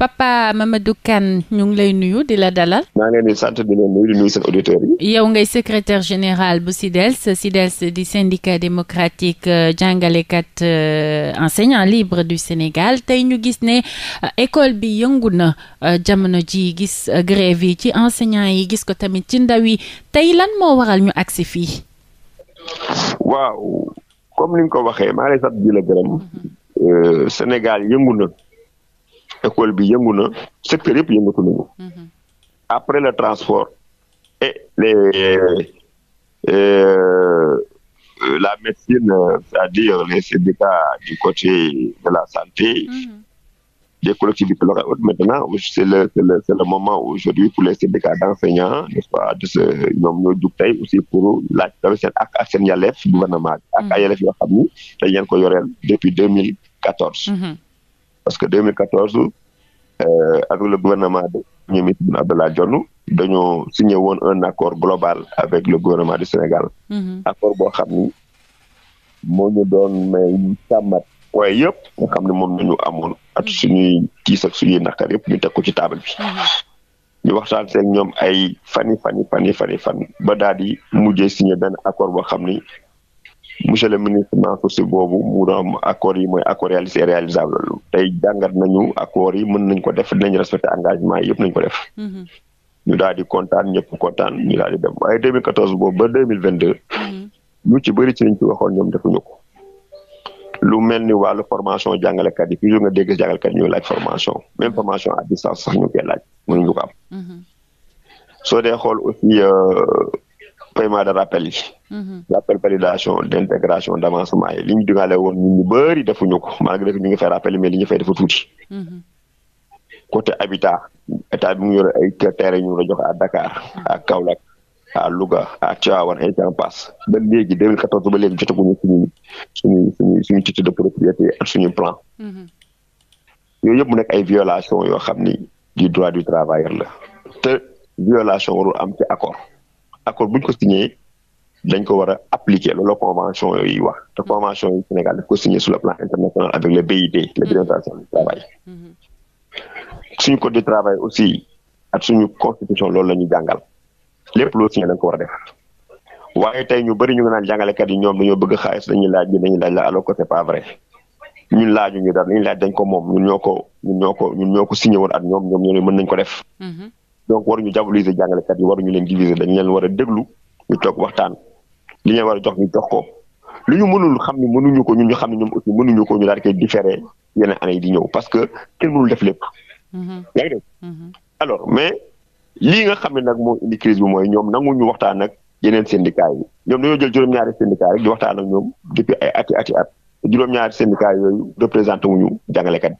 Papa Mamadou Kane ñu ngi lay nuyu di la dalal. maa ngi leen di sant di leen nuyu di nuyu seen auditeurs yi. yow ngay secrétaire général bu SYDELS SYDELS di syndicat démocratique euh, jàngalekat euh, enseignants libres du Sénégal tey ñu gis ne euh, école bi yëngu na jamono ji gis grève yi ci enseignants yi gis ko tamit ci ndaw yi tey lan moo waral ñu agsi fii. waaw comme ni nga ko waxee maa ngi lay di la gërëm mm-hmm. Sénégal yëngu école bi yëngu na secteur yëpp yëngatu nañu mhm. après le transport e la médecine c'est-à-dire les syndicats du côté de la santé des mhm. collectivités locales. Maintenant, c'est le, moment aujourd'hui pour les syndicats d'enseignants, nest pas, de se ñoom ñoo jug tey aussi pour laaj tamit seen ak ak gouvernement bi ak ay mhm. yelleef yoo xam ni dañ leen ko yoreel depuis parce que 2014 Euh, avec le gouvernement de ñoom it Abdoulaye Dione dañoo signé woon un accord global avec le gouvernement du Sénégal. Mhm. accord boo xam ni moo ñu doon may sàmmat point yëpp nga xam ne moom nañu at mhm. suñuy tiis ak suñuy yëpp ñu teg ko ci table bi. Mhm. ñu waxtaan seen ñoom ay fani fani fani fani fan ba daal di mujjee signé accord boo xam monsieur le ministre Mansour Sy boobu mu doon accords mooy accords réalisé réalisable tey jàngat nañu accords mën nañ ko def dinañ respecté engagement yëpp nañ ko def mm-hmm. ñu daal di kontaan ñëpp kontaan ñu daal di dem waaye 2014 boobu ba 2022 lu mm-hmm. ci bëri ci liñ ci waxoon ñoom defuñu ko lu mel ni wàllu formation jàngalekat yi toujours nga dégg jàngalekat yi ñu laaj formation même mm-hmm. formation à distance sax ñu koy laaj mënuñu ko soo dee xool aussi euh, paiement de rappel yi. de mhm. validation d' intégration d' avancement yi li ñu le woon ñun ñu bëri defuñu ko malgré que ñu ngi fay rappel mais li ñu fay dafa tuuti. Mhm. côté habitat état bi mu yore ay terrain ñu la a à Dakar à Kaolack à Louga à Tivaouane et j'en passe ba léegi 2014 ba léegi jotaguñu suñu suñu suñu suñu titre de propriété ak suñu plan. Mhm. yooyu yëpp mu nekk ay violation yoo xam ni du droit du travailleur la te violation warul am ci accord. accord bu ko signé dañ ko war a appliquer loolu convention yooyu wax te mm-hmm. convention yi Sénégal daf ko signé sur le plan international avec le BIT l'Organisation mm-hmm. du travail mm-hmm. code du travail aussi ak suñu constitution loolu la ñu jàngal lépp loo signé dañ ko war a def waaye tey ñu bëri ñu ngi naan jàngalekat yi ñoom dañoo bëgg xaalis dañuy laaj bi dañuy laaj la alors que ñu dara li ñu laaj dañ ko moom ñun ñoo ko ñun ñoo ko ñun ñoo ko signé woon ak ñoom ñoom mën nañ ko def donc waruñu diaboliser jàngalekat yi waruñu leen diviser dañ leen war a déglu ñu toog waxtaan li ñu war a jox ñu jox ko lu ñu mënul xam ni mënuñu ko ñun ñu xam ne ñoom aussi mënuñu ko ñu daal di koy différer yeneen année yi di ñëw parce que kenn mënul def lépp. Mm-hmm. yaa ngi dégg mm-hmm. alors mais lii nga xam ne nag moo indi crise bi mooy ñoom nanguñu waxtaan ak yeneen syndicats yi ñoom dañoo jël juróom-ñaari syndicats rek di waxtaan ak ñoom depuis ay ati ati at juróom-ñaari syndicats yooyu représenté wuñu jàngalekat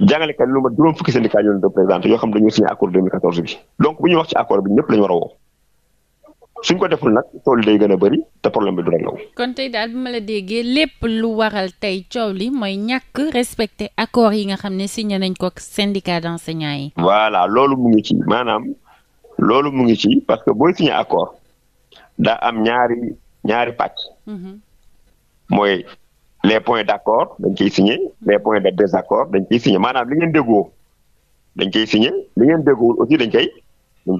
jàngalekat yi lu ma juróom fukki syndicat ñoo leen représenté yoo xam dañoo signé accord 2014 bi donc bu ñuy wax ci accord bi ñëpp lañu war woo suñ ko deful nag tool day gën a bëri te problème bi du rek law kon tey daal bi ma la déggee lépp lu waral tey coow li mooy ñàkk respecté accord yi nga xam ne signé nañ ko syndicat d' enseignants yi. voilà loolu mu ngi ci maanaam loolu mu ngi ci parce que booy signé accord daa am ñaari ñaari pàcc. Mhm. mooy les points d'accord dañ ciy signé les points de désaccord dañ ciy signé maanaam li ngeen déggoo dañ ciy signé li ngeen déggoowul aussi dañ koy dañ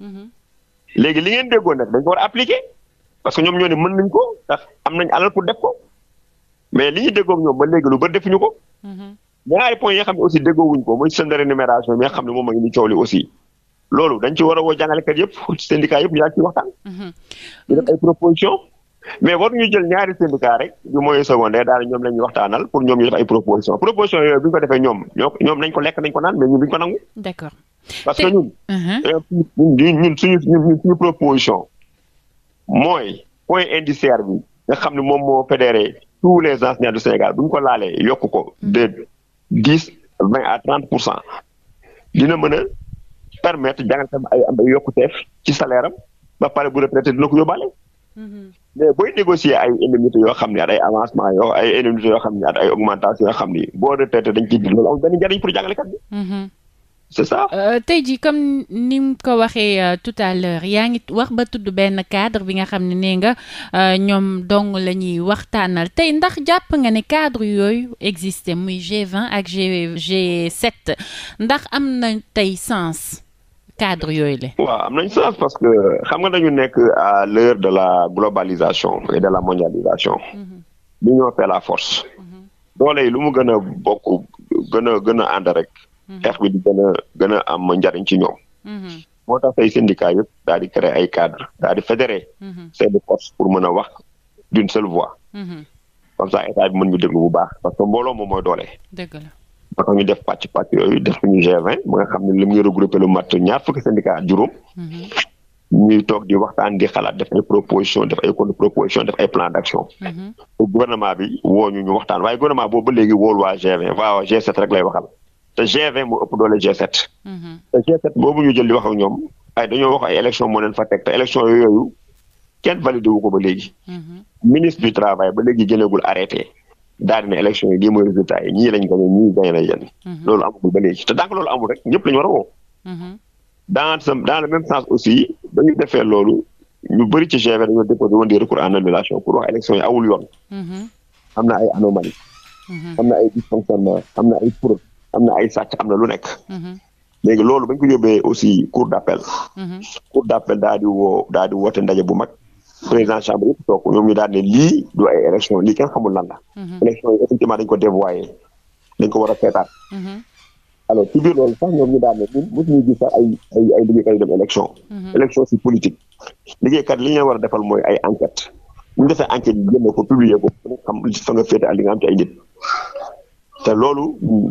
mhm. li ngeen déggoo nag dañ ko war a appliqué parce que ñoom ñoo ne mën nañ ko ndax am nañ alal pour def ko mais li ñu déggoog ñoom ba léegi lu bëri defuñu ko mhm. ñaari points yi xam ne aussi déggoowuñ ko muy seen rémunération bi nga xam ne moom a ngi ni coow li aussi loolu dañ ci war a woo jàngalekat yëpp syndicat yëpp ñu daal ci waxtaan mhm. ñu def ay proposition mais war ñu jël ñaari syndicat rek yu mooy secondaire daal ñoom la ñuy waxtaanal pour ñoom ñu ay proposition proposition yooyu bu ñu ko defee ñoom ñoo ñoom nañ ko lekk nañ ko naan mais ñun duñ ko nangu. d'accord parce que uh-huh. euh, ñun. ñun suñu suñu proposition mooy point indiciaire bi nga xam ne moom moo fédéré tous les enseignants du Sénégal bu ñu ko laalee yokk ko mm-hmm. de dix vingt à trente pour cent dina mën a permettre jàngal ay am ay yokkuteef ci salaire am ba pare bu retraité dina ko yóbbaale. mais booy négocier ay indemnité yoo xam ne at ay avancement yoo xam ne at ay augmentation yoo xam ne boo retraité dañ ciy bind loolu mhm. euh, tey jii comme ni mu ko waxee euh, tout yaa ngi wax ba tudd benn cadre bi nga xam ne nee nga euh, ñoom dong la ñuy waxtaanal tey ndax jàpp nga ne cadre yooyu existé muy g ak G am na tey sens. cadre yooyu la. waaw am nañ sens parce que xam nga dañu nekk à l'heure de la globalisation et de la mondialisation. Mhm. l'union fait la force. Mhm. doole yi lu mu gën a bokk gën a gën a rek. Mhm. xeex di gën a a am njariñ ci ñoom. moo tax say syndicat yëpp daal créer ay cadres daal di fédérer. seen i force pour mën a wax d'une seule voix. comme ça état bi mën ñu déglu bu baax parce que mbooloo moom mooy doole. dëgg ba tax ñu def pàcc pàcc yooyu def ñu G20 ba nga xam ne li muy regroupé lu mat ñaar fukki syndicat ak juróom. Mm-hmm. ñuy toog di waxtaan di xalaat def ay proposition def ay contre proposition def ay plan d'action. Mm-hmm. gouvernement bi woo ñu ñu waxtaan waaye gouvernement boobu ba léegi wool waa G20 waa g rek lay waxal te G20 ëpp doole G7. Mm-hmm. te G7 jël di wax ak ñoom ay dañoo wax ay élection moo fa teg te élection yooyu kenn validé wu ko ba léegi. ministre du travail ba léegi jëleegul arrêté. daal di ne élection yi lii mooy résultat yi ñii lañ gagné ñii gagné nañ mhm. loolu amul ba léegi te tant que loolu amul rek ñëpp la ñu war a woo. Mhm. dans ce dans le même sens aussi ba ñu defee loolu ñu bëri ci G20 dañoo déposé woon des recours en pour wax élection yi mhm. am na ay anomalie. am na ay dysfonctionnement am na lu nekk. léegi loolu bañ ko yóbbee aussi cour d' appel. cour d' appel daal di woo daal di bu mag. président chambre yëpp toog ñoom ñu daal ne lii du ay élection lii kenn xamul lan la. Mhm. élection yi effectivement dañ ko dévoyé dañ ko war a seetaat. Mhm. alors ci biir loolu sax ñoom ñu daal ne ñun mosuñu gis sax ay ay ay dem élection. Mhm. élection si politique liggéeykat li ñu war a defal mooy ay enquête bu ñu defee enquête yi génne ko publier ko ku ne xam fa nga féete ak li ay nit. te loolu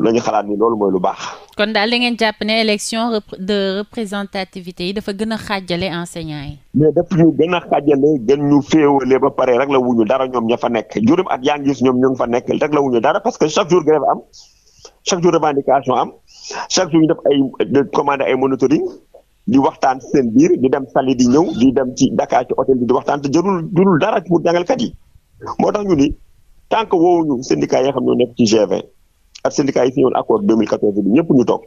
la ñu xalaat ni loolu mooy lu baax. kon daal da ngeen jàpp ne élection de représentativité yi dafa gën a xaajale enseignants yi. mais daf ñu gën a xaajale gën ñu féewale ba pare rek la wuñu dara ñoom ña fa nekk juróom at yaa ngi gis ñoom ñu fa nekk rek la wuñu dara parce que chaque jour grève am chaque jour revendication am chaque jour ñu def ay de commandé ay monitoring di waxtaan seen biir di dem Saly di ñëw di dem ci Dakar ci hôtel di waxtaan te jarul jarul dara pour jàngalkat yi moo tax ñu tant que woowuñu syndicat yi nga xam nekk ci g ak syndicat yi fi woon accord 2014 bi ñëpp ñu toog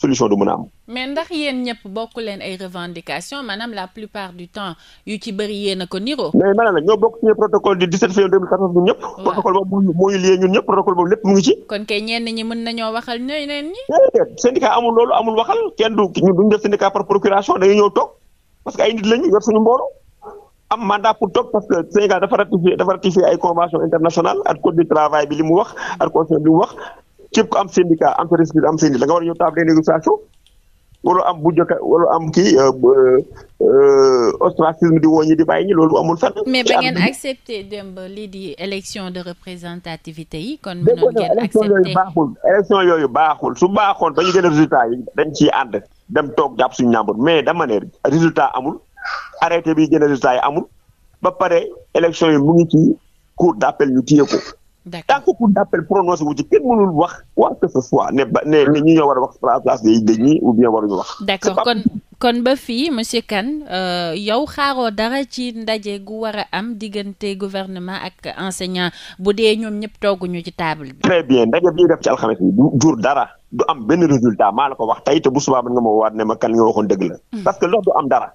solution du mën a am. mais ndax yéen ñëpp bokk leen ay revendications maanaam la plupart du temps yu ci bëri yéen a ko niroo. mais maanaam la ñoo bokk ci protocole du 17 février 2014 ñun ñëpp. waaw protocole mandat pour toog parce que Sénégal dafa ratifié ay convention internationale ak code du travail bi li mu wax ak conseil bi mu wax képp ku am syndicat entreprise bi am syndicat da nga war a ñëw table des négociations waroo am bu jokka waroo am kii euh, euh, ostracisme di woo ñi di bàyyi ñi loolu amul fenn. mais ba ngeen accepté démb lii di élection de représentativité yi kon. mënoon ngeen accepté élection yooyu baaxul élection yooyu baaxul su baaxoon ba ñu gën a résultat yi dañ ciy ànd dem toog jàpp suñu ñàmbur mais dama ne résultat amul arrêté bi gën a résultat yi amul ba pare élection yi mu ngi ci cour d'appel ñu téye tant que cour d'appel prononcé wu ci kenn mënul wax quoi que ce ne ba ñoo war a wax la place des dañuy ou bien waruñu wax. d'accord kon ba fii monsieur Kane euh, yow xaaroo dara ci ndaje gu war a am diggante gouvernement ak enseignant bu dee ñoom ñëpp tooguñu ci table bi. très bien ndaje bi def ci alxames bi du jur dara du am benn résultat maa la ko wax tey te bu subaa mën nga ma waat ne ma kan nga waxoon dëgg la. Hmm. parce que loolu du am dara.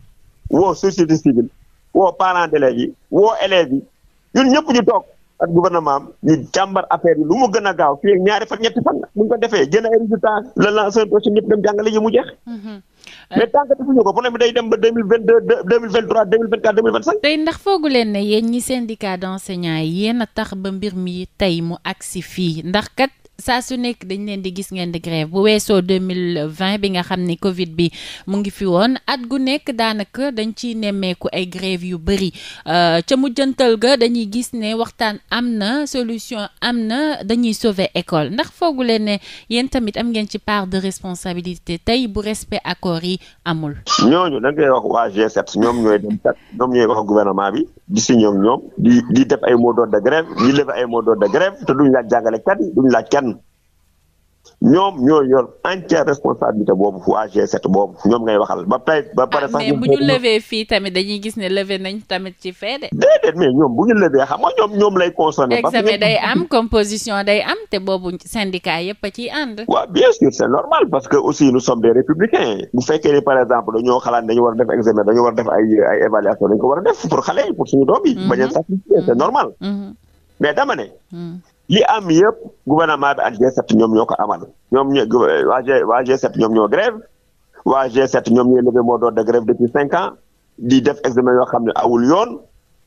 woo société civile woo parents d'élèves yi woo élèves yi ñun ñëpp ñu toog ak gouvernement am ñu jàmbar affaire yi lu mu gën a gaaw fii ak ñaari fan ñetti fan bu ñu ko defee génn ay résultats le lanceur prochaine ñëpp dem jàngale yi mu jeex. Mm-hmm. mais tant que defuñu ko problème bi day dem ba deux mille vingt trois deux mille vingt quatre deux mille vingt cinq. tey ndax foogu ne yéen ñi syndicat d' yi yéen a tax ba mbir mi tey mu agsi fii ndax kat saa su nekk dañ leen di gis ngeen di grève bu weesoo 2020 bi nga xam ne Covid bi mu ngi fi woon at gu nekk daanaka dañ ci nemmeeku ay grève yu bëri euh, ca mujjantal ga dañuy gis ne waxtaan am na solution am na dañuy sauver école ndax foogu leen ne yéen tamit am ngeen ci part de responsabilité tey bu respect accords yi amul. ñooñu da ngay wax waa G7 ñoom ñooy dem kat ñoom ñooy wax gouvernement bi di si ñoom ñoom di di def ay mot de grève di lever ay mot ñoom ñoo yor entière responsabilité boobu fu AG7 boobu ñoom ngay waxal ba pare ba pare ah, sax. mais bu ñu levee fii tamit dañuy gis ne levé nañ tamit ci fee de. déedéet mais ñoom bu ñu levee xam nga ñoom lay concerné. examen day am composition day am te boobu syndicat yëpp a ciy ànd. waaw bien sûr c' normal parce que aussi nous sommes des républicains. bu fekkee ni par exemple dañoo xalaat dañu war def examen dañu war def ay évaluation dañu war a li am yëpp gouvernement bi ak g ñoom ñoo ko amal ñoom ñoo waa G waa ñoom ñoo grève wa G7 ñoom ñooy levé mot d'ordre de grève depuis cinq ans di def examen yoo xam ne awul yoon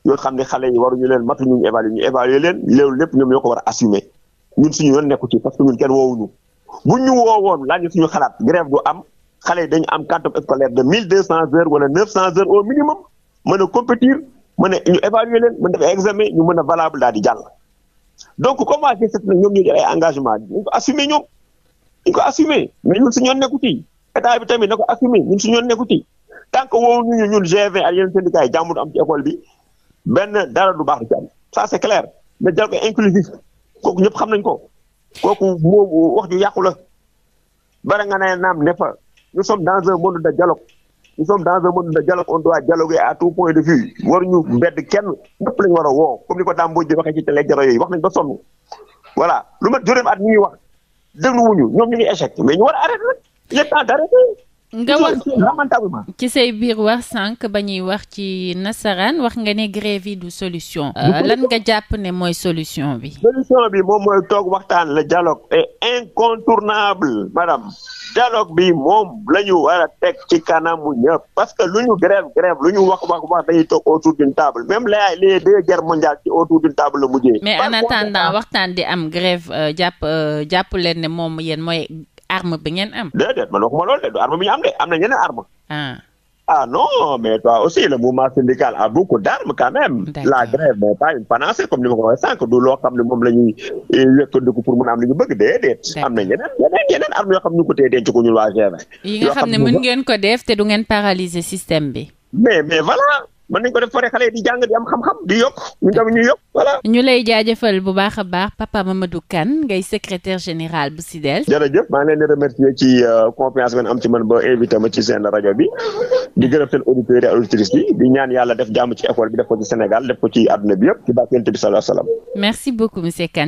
yoo xam ne xale yi waruñu leen matuñu ñu évaluer ñu évaluer leen loolu lépp ñoom ñoo ko war a assumer ñun suñu yoon nekku ci parce que ñun kenn woowuñu bu ñu woowoon laaj ñu suñu xalaat grève du am xale yi am quantum scolaire de mille deux cent heures wala neuf cent heures au minimum mën a compétir a ñu daal di jàll donc comme waa G7 nag ñoom ñoo jël engagement dañ ko assumer ñoom dañ ko assumer mais ñun suñu yoon nekku ci état bi tamit na ko assumer ñun suñu yoon nekku ci tant que woowu ñu ñun G20 ak yeneen syndicats yi jàmm am école bi benn dara du baax du ci am ça c'est clair mais jël ko inclusif kooku ñëpp xam nañ ko kooku moom wax ju yàqu la bara nga ne naam ne fa nous sommes dans un monde de dialogue nous sommes dans un monde de dialogue on doit dialoguer à tout point de vue waruñu mbedd kenn ñëpp lañu war a woo comme ni ko Dame Mbodj di waxee ci télé jaro yooyu wax nañ ba sonn voilà lu ma juróom at ñu ngi wax dégluwuñu ñoom ñu ngi échec mais ñu war a arrêté nag il est temps d'arrêter nga wax ci say biir wax sànq ba ñuy wax ci nasaraan wax nga ne grève yi du solution. Euh, lan nga jàpp ne mooy solution bi. solution bi moom mooy toog waxtaan la dialogue est incontournable madame dialogue bi moom la ñu war a teg ci kanamu ñëpp parce que lu ñu grève grève lu ñu wax wax wax dañuy toog autour d'une table même les les deux guerres ci autour d'une table la mujjee. mais en attendant waxtaan di am grève euh, jàpp euh, jàpp leen ne moom yéen mooy. arme bi ngeen am. déedéet man loolu arme bi ñu am de am na ñeneen arme. Ah. ah non mais toi aussi le mouvement syndical a beaucoup d'armes quand même. la grève n'est pas une panacée comme ni du loo moom la ñuy eh, yëkkandiku pour mun a am li bëgg déedéet. am na ñeneen yeneen arme yoo xam ñu ko téye denc waa g e. yi nga xam ne mën ngeen ko def te du ngeen paralyser système bi. mais mais voilà. mën nañ ko def forêt xale di jàng di am xam-xam di yokk ñu tamit ñu yokk lay jaajëfal bu baax a baax Papa Mamadou Kane ngay secrétaire général bu SIDEL. jërëjëf maa ngi leen di remercier ci euh, confiance ngeen am ci man ba invité ma ci seen rajo bi di gërëm seen auditeurs et auditrices yi di ñaan yàlla def jàmm ci école bi def ko ci Sénégal def ko ci àdduna bi yëpp ci barkeel bi sallallahu alayhi merci beaucoup monsieur Kane.